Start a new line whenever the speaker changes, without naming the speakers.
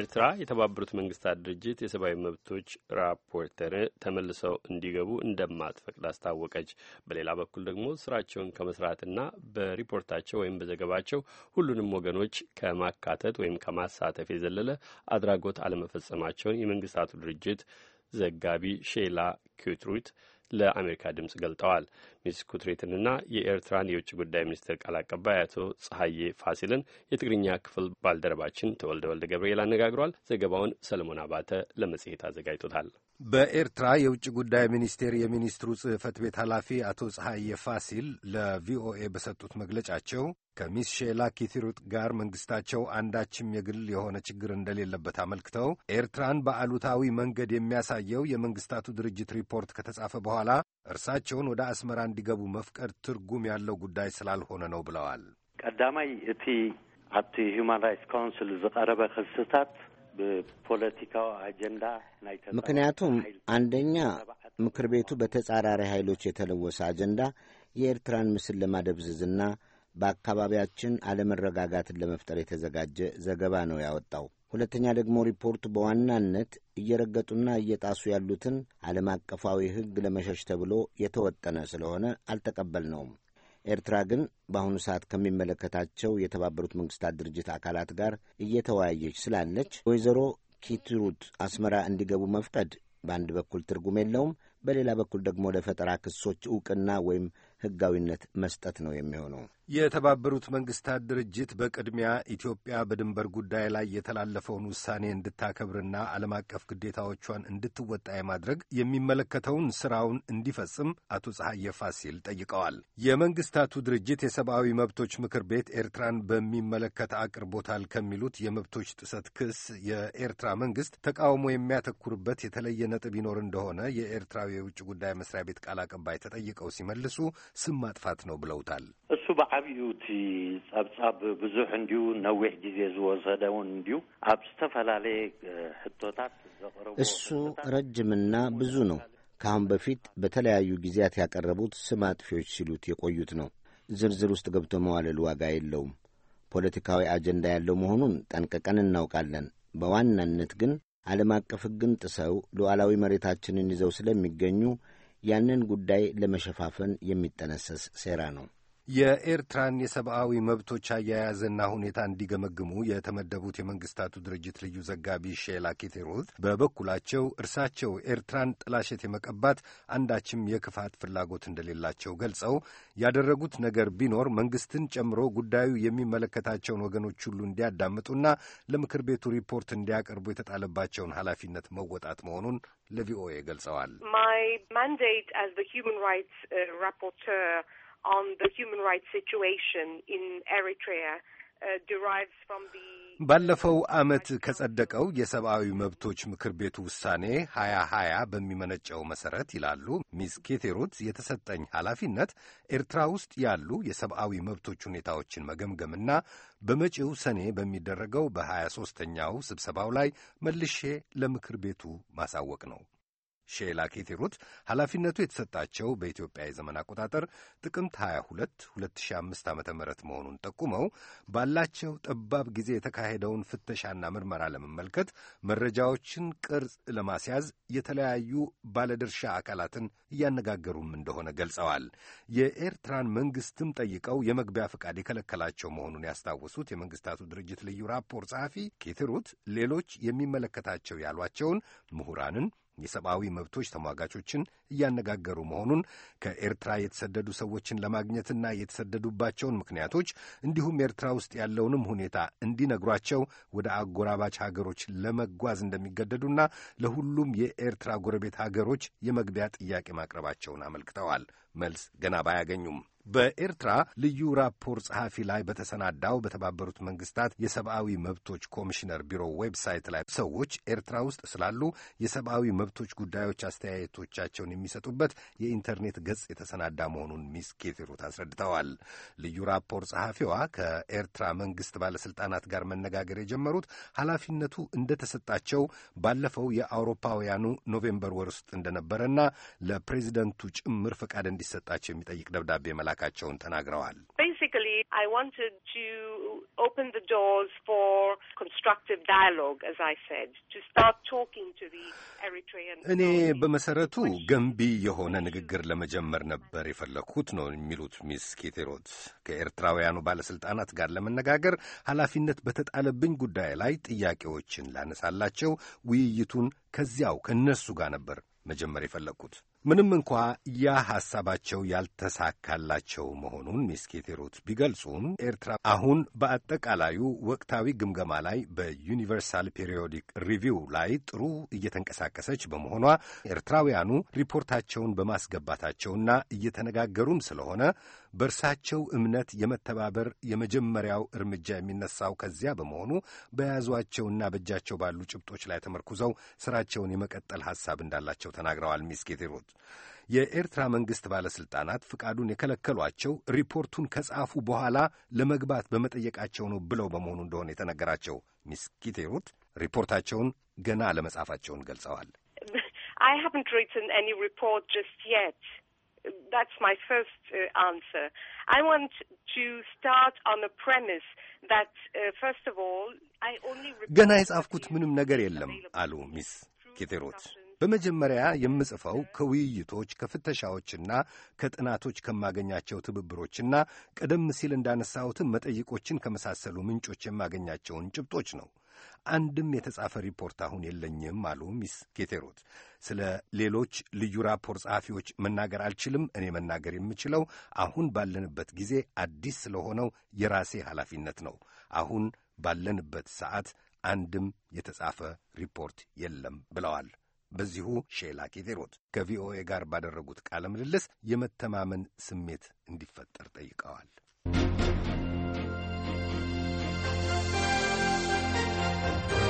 ኤርትራ የተባበሩት መንግስታት ድርጅት የሰብአዊ መብቶች ራፖርተር ተመልሰው እንዲገቡ እንደማትፈቅድ አስታወቀች። በሌላ በኩል ደግሞ ስራቸውን ከመስራትና በሪፖርታቸው ወይም በዘገባቸው ሁሉንም ወገኖች ከማካተት ወይም ከማሳተፍ የዘለለ አድራጎት አለመፈጸማቸውን የመንግስታቱ ድርጅት ዘጋቢ ሼላ ኪትሩት ለአሜሪካ ድምጽ ገልጠዋል። ሚስ ኩትሬትንና የኤርትራን የውጭ ጉዳይ ሚኒስትር ቃል አቀባይ አቶ ጸሐዬ ፋሲልን የትግርኛ ክፍል ባልደረባችን ተወልደ ወልደ ገብርኤል አነጋግሯል። ዘገባውን ሰለሞን አባተ ለመጽሔት አዘጋጅቶታል። በኤርትራ የውጭ ጉዳይ ሚኒስቴር የሚኒስትሩ ጽህፈት ቤት ኃላፊ አቶ ጸሐዬ ፋሲል ለቪኦኤ በሰጡት መግለጫቸው ከሚስ ሼላ ኪቲሩት ጋር መንግስታቸው አንዳችም የግል የሆነ ችግር እንደሌለበት አመልክተው ኤርትራን በአሉታዊ መንገድ የሚያሳየው የመንግስታቱ ድርጅት ሪፖርት ከተጻፈ በኋላ እርሳቸውን ወደ አስመራ እንዲገቡ መፍቀድ ትርጉም ያለው ጉዳይ ስላልሆነ ነው ብለዋል።
ቀዳማይ እቲ ኣብቲ ሁማን ራይትስ ካውንስል ዝቀረበ ክስታት ብፖለቲካዊ አጀንዳ ናይ ምክንያቱም አንደኛ ምክር ቤቱ በተጻራሪ ኃይሎች የተለወሰ አጀንዳ የኤርትራን ምስል ለማደብዘዝና በአካባቢያችን አለመረጋጋትን ለመፍጠር የተዘጋጀ ዘገባ ነው ያወጣው። ሁለተኛ ደግሞ ሪፖርቱ በዋናነት እየረገጡና እየጣሱ ያሉትን ዓለም አቀፋዊ ሕግ ለመሸሽ ተብሎ የተወጠነ ስለሆነ አልተቀበልነውም። ኤርትራ ግን በአሁኑ ሰዓት ከሚመለከታቸው የተባበሩት መንግስታት ድርጅት አካላት ጋር እየተወያየች ስላለች ወይዘሮ ኪትሩት አስመራ እንዲገቡ መፍቀድ በአንድ በኩል ትርጉም የለውም፣ በሌላ በኩል ደግሞ ለፈጠራ ክሶች እውቅና ወይም ሕጋዊነት መስጠት ነው የሚሆነው።
የተባበሩት መንግስታት ድርጅት በቅድሚያ ኢትዮጵያ በድንበር ጉዳይ ላይ የተላለፈውን ውሳኔ እንድታከብርና ዓለም አቀፍ ግዴታዎቿን እንድትወጣ የማድረግ የሚመለከተውን ስራውን እንዲፈጽም አቶ ፀሐየ ፋሲል ጠይቀዋል። የመንግስታቱ ድርጅት የሰብአዊ መብቶች ምክር ቤት ኤርትራን በሚመለከት አቅርቦታል ከሚሉት የመብቶች ጥሰት ክስ የኤርትራ መንግስት ተቃውሞ የሚያተኩርበት የተለየ ነጥብ ይኖር እንደሆነ የኤርትራዊ የውጭ ጉዳይ መስሪያ ቤት ቃል አቀባይ ተጠይቀው ሲመልሱ ስም ማጥፋት ነው ብለውታል።
ብዓብዩ እቲ ጸብጻብ ብዙሕ እንድዩ ነዊሕ ግዜ ዝወሰደ እውን እንድዩ ኣብ ዝተፈላለየ ሕቶታት ዘቕረቡ እሱ ረጅምና ብዙ ነው። ከአሁን በፊት በተለያዩ ጊዜያት ያቀረቡት ስም አጥፊዎች ሲሉት የቆዩት ነው። ዝርዝር ውስጥ ገብቶ መዋለል ዋጋ የለውም። ፖለቲካዊ አጀንዳ ያለው መሆኑን ጠንቅቀን እናውቃለን። በዋናነት ግን ዓለም አቀፍ ሕግን ጥሰው ሉዓላዊ መሬታችንን ይዘው ስለሚገኙ ያንን ጉዳይ ለመሸፋፈን የሚጠነሰስ ሴራ ነው።
የኤርትራን የሰብአዊ መብቶች አያያዝና ሁኔታ እንዲገመግሙ የተመደቡት የመንግስታቱ ድርጅት ልዩ ዘጋቢ ሼላ ኪቴሩት በበኩላቸው እርሳቸው ኤርትራን ጥላሸት የመቀባት አንዳችም የክፋት ፍላጎት እንደሌላቸው ገልጸው ያደረጉት ነገር ቢኖር መንግስትን ጨምሮ ጉዳዩ የሚመለከታቸውን ወገኖች ሁሉ እንዲያዳምጡና ለምክር ቤቱ ሪፖርት እንዲያቀርቡ የተጣለባቸውን ኃላፊነት መወጣት መሆኑን ለቪኦኤ ገልጸዋል። on the human rights situation in Eritrea uh, ባለፈው ዓመት ከጸደቀው የሰብአዊ መብቶች ምክር ቤቱ ውሳኔ ሀያ ሀያ በሚመነጨው መሰረት ይላሉ ሚስ ኬቴሩት፣ የተሰጠኝ ኃላፊነት ኤርትራ ውስጥ ያሉ የሰብአዊ መብቶች ሁኔታዎችን መገምገምና በመጪው ሰኔ በሚደረገው በሀያ ሦስተኛው ስብሰባው ላይ መልሼ ለምክር ቤቱ ማሳወቅ ነው። ሼላ ኬቴሩት ኃላፊነቱ የተሰጣቸው በኢትዮጵያ የዘመን አቆጣጠር ጥቅምት 22 2005 ዓ ም መሆኑን ጠቁመው ባላቸው ጠባብ ጊዜ የተካሄደውን ፍተሻና ምርመራ ለመመልከት መረጃዎችን ቅርጽ ለማስያዝ የተለያዩ ባለድርሻ አካላትን እያነጋገሩም እንደሆነ ገልጸዋል። የኤርትራን መንግስትም ጠይቀው የመግቢያ ፈቃድ የከለከላቸው መሆኑን ያስታወሱት የመንግስታቱ ድርጅት ልዩ ራፖርት ጸሐፊ ኬቴሩት ሌሎች የሚመለከታቸው ያሏቸውን ምሁራንን የሰብአዊ መብቶች ተሟጋቾችን እያነጋገሩ መሆኑን ከኤርትራ የተሰደዱ ሰዎችን ለማግኘትና የተሰደዱባቸውን ምክንያቶች እንዲሁም ኤርትራ ውስጥ ያለውንም ሁኔታ እንዲነግሯቸው ወደ አጎራባች ሀገሮች ለመጓዝ እንደሚገደዱና ለሁሉም የኤርትራ ጎረቤት ሀገሮች የመግቢያ ጥያቄ ማቅረባቸውን አመልክተዋል። መልስ ገና ባያገኙም በኤርትራ ልዩ ራፖር ጸሐፊ ላይ በተሰናዳው በተባበሩት መንግስታት የሰብአዊ መብቶች ኮሚሽነር ቢሮ ዌብሳይት ላይ ሰዎች ኤርትራ ውስጥ ስላሉ የሰብአዊ መብቶች ጉዳዮች አስተያየቶቻቸውን የሚሰጡበት የኢንተርኔት ገጽ የተሰናዳ መሆኑን ሚስ ኬቴሩት አስረድተዋል። ልዩ ራፖር ጸሐፊዋ ከኤርትራ መንግስት ባለስልጣናት ጋር መነጋገር የጀመሩት ኃላፊነቱ እንደተሰጣቸው ባለፈው የአውሮፓውያኑ ኖቬምበር ወር ውስጥ እንደነበረና ለፕሬዚደንቱ ጭምር ፈቃድ እንዲሰጣቸው የሚጠይቅ ደብዳቤ መላክ መላካቸውን ተናግረዋል። እኔ በመሰረቱ ገንቢ የሆነ ንግግር ለመጀመር ነበር የፈለግሁት ነው የሚሉት ሚስ ኬቴሮት ከኤርትራውያኑ ባለስልጣናት ጋር ለመነጋገር ኃላፊነት በተጣለብኝ ጉዳይ ላይ ጥያቄዎችን ላነሳላቸው ውይይቱን ከዚያው ከእነሱ ጋር ነበር መጀመር የፈለግሁት። ምንም እንኳ ያ ሐሳባቸው ያልተሳካላቸው መሆኑን ሚስ ኬቴሮት ቢገልጹም ኤርትራ አሁን በአጠቃላዩ ወቅታዊ ግምገማ ላይ በዩኒቨርሳል ፔሪዮዲክ ሪቪው ላይ ጥሩ እየተንቀሳቀሰች በመሆኗ ኤርትራውያኑ ሪፖርታቸውን በማስገባታቸውና እየተነጋገሩም ስለሆነ በእርሳቸው እምነት የመተባበር የመጀመሪያው እርምጃ የሚነሳው ከዚያ በመሆኑ በያዟቸውና በእጃቸው ባሉ ጭብጦች ላይ ተመርኩዘው ስራቸውን የመቀጠል ሐሳብ እንዳላቸው ተናግረዋል ሚስ የኤርትራ መንግሥት ባለሥልጣናት ፍቃዱን የከለከሏቸው ሪፖርቱን ከጻፉ በኋላ ለመግባት በመጠየቃቸው ነው ብለው በመሆኑ እንደሆነ የተነገራቸው ሚስ ኪቴሩት ሪፖርታቸውን ገና ለመጻፋቸውን ገልጸዋል። I haven't written any report just yet. That's my first uh, answer. I want to start on a premise that, uh, first of all, I only... ገና የጻፍኩት ምንም ነገር የለም አሉ ሚስ ኬቴሮት? በመጀመሪያ የምጽፈው ከውይይቶች ከፍተሻዎችና ከጥናቶች ከማገኛቸው ትብብሮችና ቀደም ሲል እንዳነሳሁትም መጠይቆችን ከመሳሰሉ ምንጮች የማገኛቸውን ጭብጦች ነው። አንድም የተጻፈ ሪፖርት አሁን የለኝም አሉ ሚስ ጌቴሮት። ስለ ሌሎች ልዩ ራፖር ጸሐፊዎች መናገር አልችልም። እኔ መናገር የምችለው አሁን ባለንበት ጊዜ አዲስ ስለሆነው የራሴ ኃላፊነት ነው። አሁን ባለንበት ሰዓት አንድም የተጻፈ ሪፖርት የለም ብለዋል። በዚሁ ሼላ ኬቴሮት ከቪኦኤ ጋር ባደረጉት ቃለ ምልልስ የመተማመን ስሜት እንዲፈጠር ጠይቀዋል። Thank you.